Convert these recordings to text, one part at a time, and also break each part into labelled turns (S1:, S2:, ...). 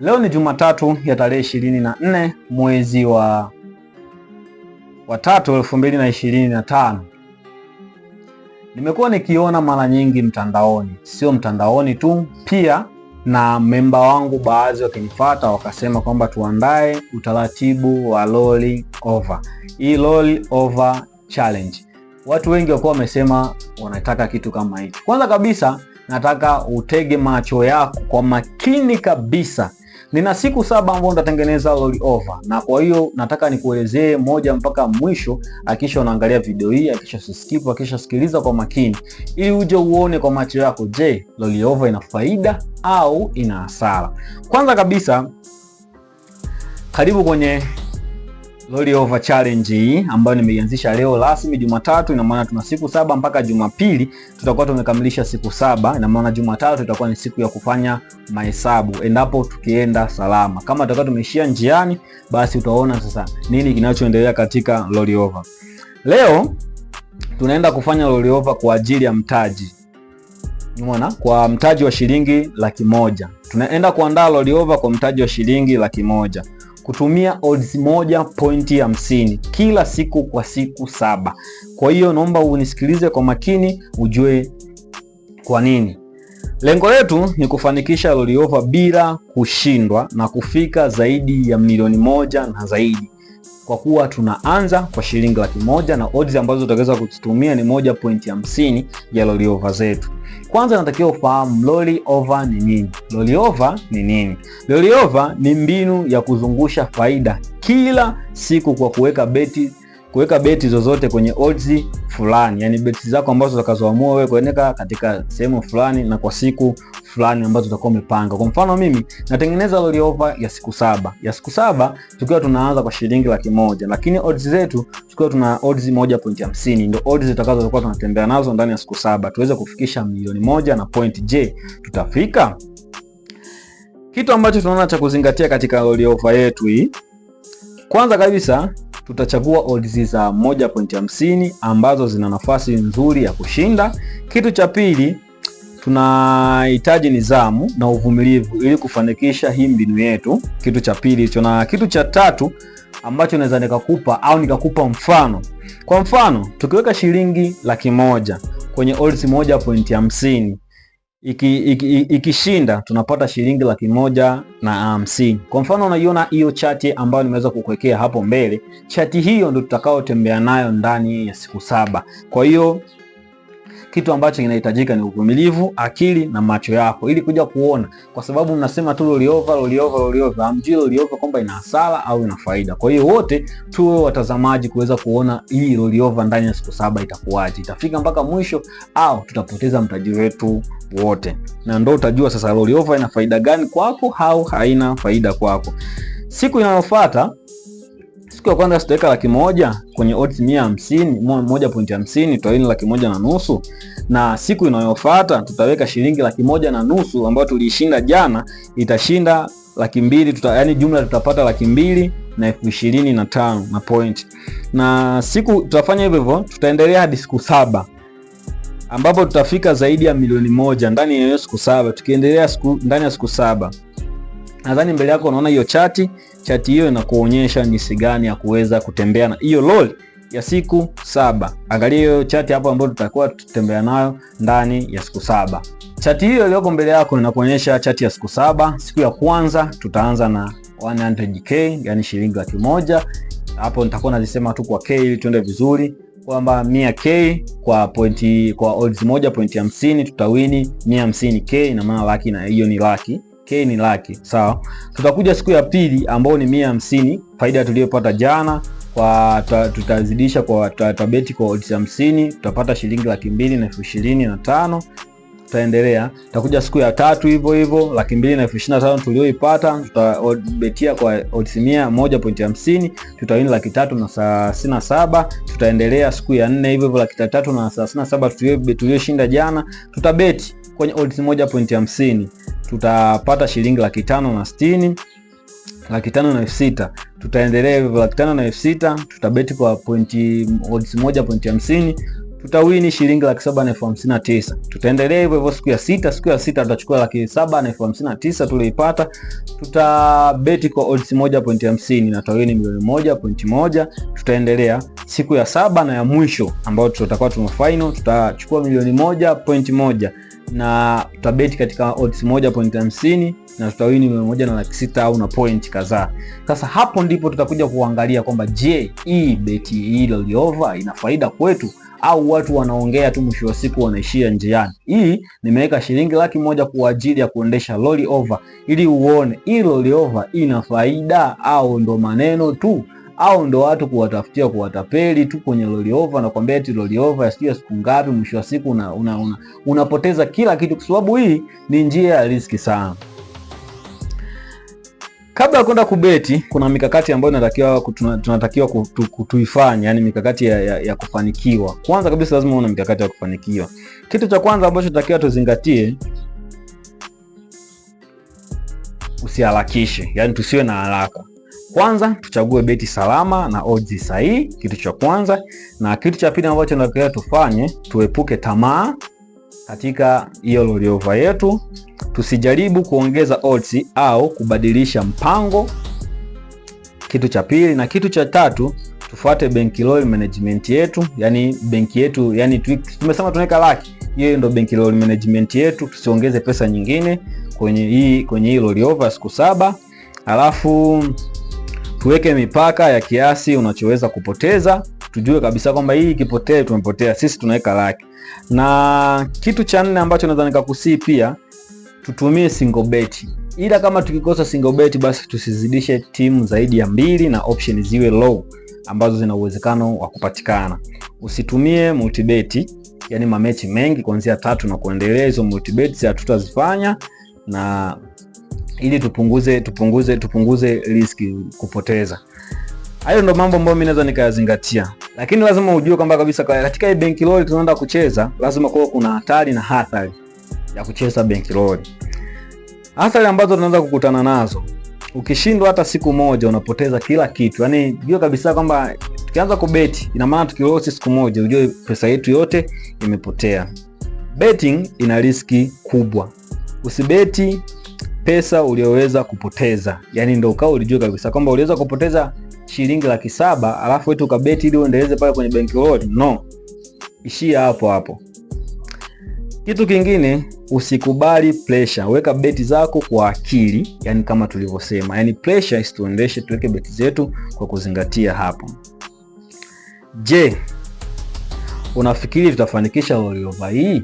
S1: Leo ni Jumatatu ya tarehe ishirini na nne mwezi wa watatu elfu mbili na ishirini na tano. Nimekuwa nikiona mara nyingi mtandaoni, sio mtandaoni tu, pia na memba wangu baadhi wakinifuata wakasema kwamba tuandae utaratibu wa roll over. Hii roll over challenge, watu wengi wakuwa wamesema wanataka kitu kama hicho. Kwanza kabisa nataka utege macho yako kwa makini kabisa Nina siku saba ambao nitatengeneza rollover, na kwa hiyo nataka nikuelezee moja mpaka mwisho. Akisha unaangalia video hii, akisha skip, akisha sikiliza kwa makini, ili uje uone kwa macho yako, je, rollover ina faida au ina hasara? Kwanza kabisa, karibu kwenye rollover challenge hii ambayo nimeianzisha leo rasmi Jumatatu, ina maana tuna siku saba mpaka Jumapili tutakuwa tumekamilisha siku saba. Ina maana Jumatatu itakuwa ni siku ya kufanya mahesabu, endapo tukienda salama. Kama tutakuwa tumeishia njiani, basi utaona sasa nini kinachoendelea katika rollover. Leo tunaenda kufanya rollover kwa ajili ya mtaji Umeona, kwa mtaji wa shilingi laki moja tunaenda kuandaa rollover kwa mtaji wa shilingi laki moja kutumia odds moja pointi hamsini kila siku kwa siku saba. Kwa hiyo naomba unisikilize kwa makini, ujue kwa nini. Lengo letu ni kufanikisha roliover bila kushindwa na kufika zaidi ya milioni moja na zaidi kwa kuwa tunaanza kwa shilingi laki moja na odds ambazo utaweza kuzitumia ni moja pointi hamsini ya loli over zetu. Kwanza natakiwa ufahamu loli over ni nini. Loli over ni nini? Loli over ni mbinu ya kuzungusha faida kila siku kwa kuweka beti kuweka beti zozote kwenye odds fulani, yani beti zako ambazo utakazoamua wewe kuweka katika sehemu fulani na kwa siku fulani ambazo utakuwa umepanga. Kwa mfano mimi natengeneza loli over ya siku saba, ya siku saba tukiwa tunaanza kwa shilingi laki moja, lakini odds zetu tukiwa tuna odds moja pointi hamsini ndio odds zitakazokuwa tunatembea nazo ndani ya siku saba tuweze kufikisha milioni moja na point. Je, tutafika? Kitu ambacho tunaona cha kuzingatia katika loli over yetu hii, kwanza kabisa tutachagua odds za 1.50 ambazo zina nafasi nzuri ya kushinda. Kitu cha pili tunahitaji nidhamu na uvumilivu ili kufanikisha hii mbinu yetu, kitu cha pili hicho. Na kitu cha tatu ambacho naweza nikakupa au nikakupa mfano, kwa mfano tukiweka shilingi laki moja kwenye odds 1.50 ikishinda iki, iki tunapata shilingi laki moja na hamsini. Kwa mfano unaiona hiyo chati ambayo nimeweza kukuwekea hapo mbele, chati hiyo ndio tutakaotembea nayo ndani ya siku saba. Kwa hiyo kitu ambacho kinahitajika ni uvumilivu, akili na macho yako ili kuja kuona, kwa sababu mnasema tu rollover, rollover, rollover, hamjui rollover kwamba ina hasara au ina faida. Kwa hiyo wote tuwe watazamaji kuweza kuona hii rollover ndani ya siku saba itakuwaje, itafika mpaka mwisho au tutapoteza mtaji wetu wote, na ndo utajua sasa rollover ina faida gani kwako au haina faida kwako siku inayofuata siku ya kwanza sitaweka laki moja kwenye odds mia hamsini moja pointi hamsini tutawini laki moja na nusu na siku inayofuata tutaweka shilingi laki moja na nusu ambayo tuliishinda jana, itashinda laki mbili tuta, yani jumla tutapata laki mbili na elfu ishirini na tano na point. Na siku tutafanya hivyo hivyo, tutaendelea hadi siku saba ambapo tutafika zaidi ya milioni moja ndani ya hiyo siku saba, tukiendelea siku ndani ya siku saba. Nadhani mbele yako unaona hiyo chati chati hiyo inakuonyesha jinsi gani ya kuweza kutembea na hiyo loli ya siku saba. Angalia hiyo chati hapo ambayo tutakuwa tutembea nayo ndani ya siku saba. Chati hiyo iliyoko mbele yako inakuonyesha chati ya siku saba. Siku ya kwanza tutaanza na 100k, yani shilingi laki moja. Hapo nitakuwa nazisema tu kwa k ili tuende vizuri kwamba 100k kwa pointi, kwa odds moja pointi tutawini 150k, ina maana laki, na hiyo ni laki K ni laki, sawa. Tutakuja siku ya pili ambao ni mia hamsini, faida tuliyopata jana kwa tutazidisha kwa tabeti kwa odds hamsini, tutapata shilingi laki mbili na elfu ishirini na tano tutaendelea. Tutakuja siku ya tatu hivyo hivyo, laki mbili na elfu ishirini na tano tulioipata tutabetia kwa odds mia moja pointi hamsini, tutawini laki tatu na thelathini na saba. Tutaendelea siku ya nne hivyo hivyo, laki tatu na thelathini na saba tulioshinda jana tutabeti kwenye odds moja pointi hamsini tutapata shilingi laki tano na sitini laki tano na elfu sita tutaendelea hivyo, laki tano na elfu sita tutabeti kwa pointi odds moja pointi hamsini tutawini shilingi laki saba na elfu hamsini na tisa tutaendelea hivyo hivyo siku ya sita. Siku ya sita tutachukua laki saba na elfu hamsini na tisa tulioipata, tutabeti kwa odds moja pointi hamsini na tutawini milioni moja pointi moja. Tutaendelea siku ya saba na ya mwisho ambayo tutakuwa tuna final, tutachukua milioni moja pointi moja na tutabeti katika odds 1.50 na tutawini milioni moja na laki sita au na point kadhaa. Sasa hapo ndipo tutakuja kuangalia kwamba je, hii beti hii rollover ina faida kwetu au watu wanaongea tu, mwisho wa siku wanaishia njiani. Hii nimeweka shilingi laki moja kwa ajili ya kuendesha rollover, ili uone hii rollover ina faida au ndo maneno tu au ndo watu kuwatafutia kuwatapeli tu kwenye loliova na kwambia eti loliova sijui ya siku ngapi. Mwisho wa siku una, una, una, unapoteza kila kitu, kwa sababu hii ni njia ya riski sana. Kabla ya kwenda kubeti, kuna mikakati ambayo natakiwa, tunatakiwa kutu, kutuifanya, yani mikakati ya, ya, ya kufanikiwa. Kwanza kabisa lazima una mikakati ya kufanikiwa. Kitu cha kwanza ambacho tunatakiwa tuzingatie usiharakishe, yani tusiwe na haraka. Kwanza tuchague beti salama na odds sahihi, kitu cha kwanza. Na kitu cha pili ambacho tunataka tufanye, tuepuke tamaa katika hiyo rollover yetu. Tusijaribu kuongeza odds au kubadilisha mpango, kitu cha pili. Na kitu cha tatu tufuate bankroll management yetu, yani benki yetu, yani tumesema tunaweka laki, hiyo ndio bankroll management yetu. Tusiongeze pesa nyingine kwenye hii kwenye hii rollover siku saba, alafu tuweke mipaka ya kiasi unachoweza kupoteza, tujue kabisa kwamba hii ikipotea tumepotea sisi, tunaweka laki. Na kitu cha nne ambacho naweza nikakusii pia tutumie single bet, ila kama tukikosa single bet, basi tusizidishe timu zaidi ya mbili na option ziwe low ambazo zina uwezekano wa kupatikana. Usitumie multibet, yani mamechi mengi kuanzia tatu na kuendelea, hizo multibet hatutazifanya na ili tupunguze tupunguze tupunguze riski kupoteza. Hayo ndo mambo ambayo mimi naweza nikayazingatia, lakini lazima ujue kwamba kabisa kwa katika hii bank roll tunaenda kucheza, lazima kuwa kuna hatari na hatari ya kucheza bank roll. Hatari ambazo tunaweza kukutana nazo, ukishindwa hata siku moja unapoteza kila kitu. Yani jua kabisa kwamba tukianza kubeti, ina maana tukilosi siku moja, ujue pesa yetu yote imepotea. Betting ina riski kubwa, usibeti pesa ulioweza kupoteza, yani ndio ukao ulijua kabisa kwamba uliweza kupoteza shilingi laki saba alafu wetu ukabeti ili uendeleze pale kwenye benki road. No, ishia hapo hapo. Kitu kingine, usikubali pressure. Weka beti zako kwa akili, yani kama tulivyosema, yani pressure isituendeshe, tuweke beti zetu kwa kuzingatia hapo. Je, unafikiri tutafanikisha rollover hii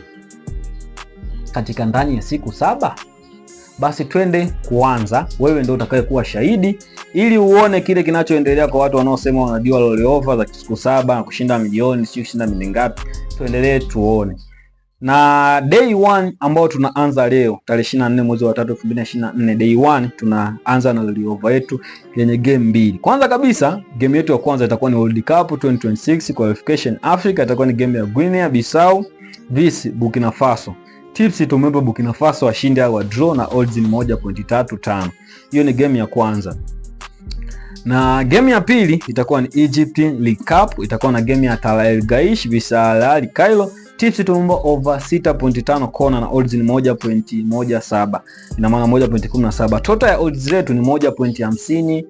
S1: katika ndani ya siku saba? basi twende kuanza. Wewe ndio utakayekuwa shahidi ili uone kile kinachoendelea kwa watu wanaosema wanajua rollover za siku saba na kushinda milioni sio kushinda milioni ngapi. Tuendelee tuone, na day one ambao tunaanza leo tarehe 24 mwezi wa 3 2024, day one tunaanza na rollover yetu yenye game mbili. Kwanza kabisa game yetu ya kwanza itakuwa ni World Cup 2026 qualification Africa, itakuwa ni game ya Guinea Bissau vs Burkina Faso. Tips tumempa Burkina Faso washinde au draw na odds ni 1.35. Hiyo ni game ya kwanza, na game ya pili itakuwa ni Egypt League Cup, itakuwa na game ya El Gaish vs Al Ahly Cairo. Tips tumeomba over 6.5 kona na odds ni 1.17, ina maana 1.17. Total ya odds zetu ni 1.50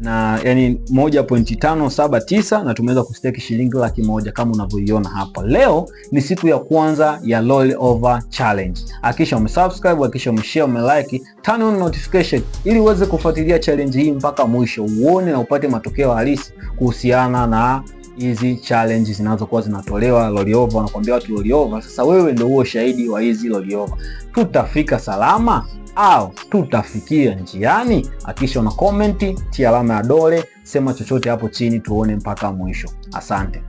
S1: na yani moja pointi tano saba tisa na tumeweza kusteki shilingi laki moja kama unavyoiona hapa. Leo ni siku ya kwanza ya rollover challenge. Hakikisha umesubscribe, hakikisha umeshare, umelike, turn on notification ili uweze kufuatilia challenge hii mpaka mwisho, uone na upate matokeo halisi kuhusiana na hizi challenge zinazokuwa zinatolewa rollover, wanakuambia watu rollover. Sasa wewe ndio huo shahidi wa hizi rollover. Tutafika salama au tutafikia njiani? akisha una comment, tia alama ya dole, sema chochote hapo chini, tuone mpaka mwisho. Asante.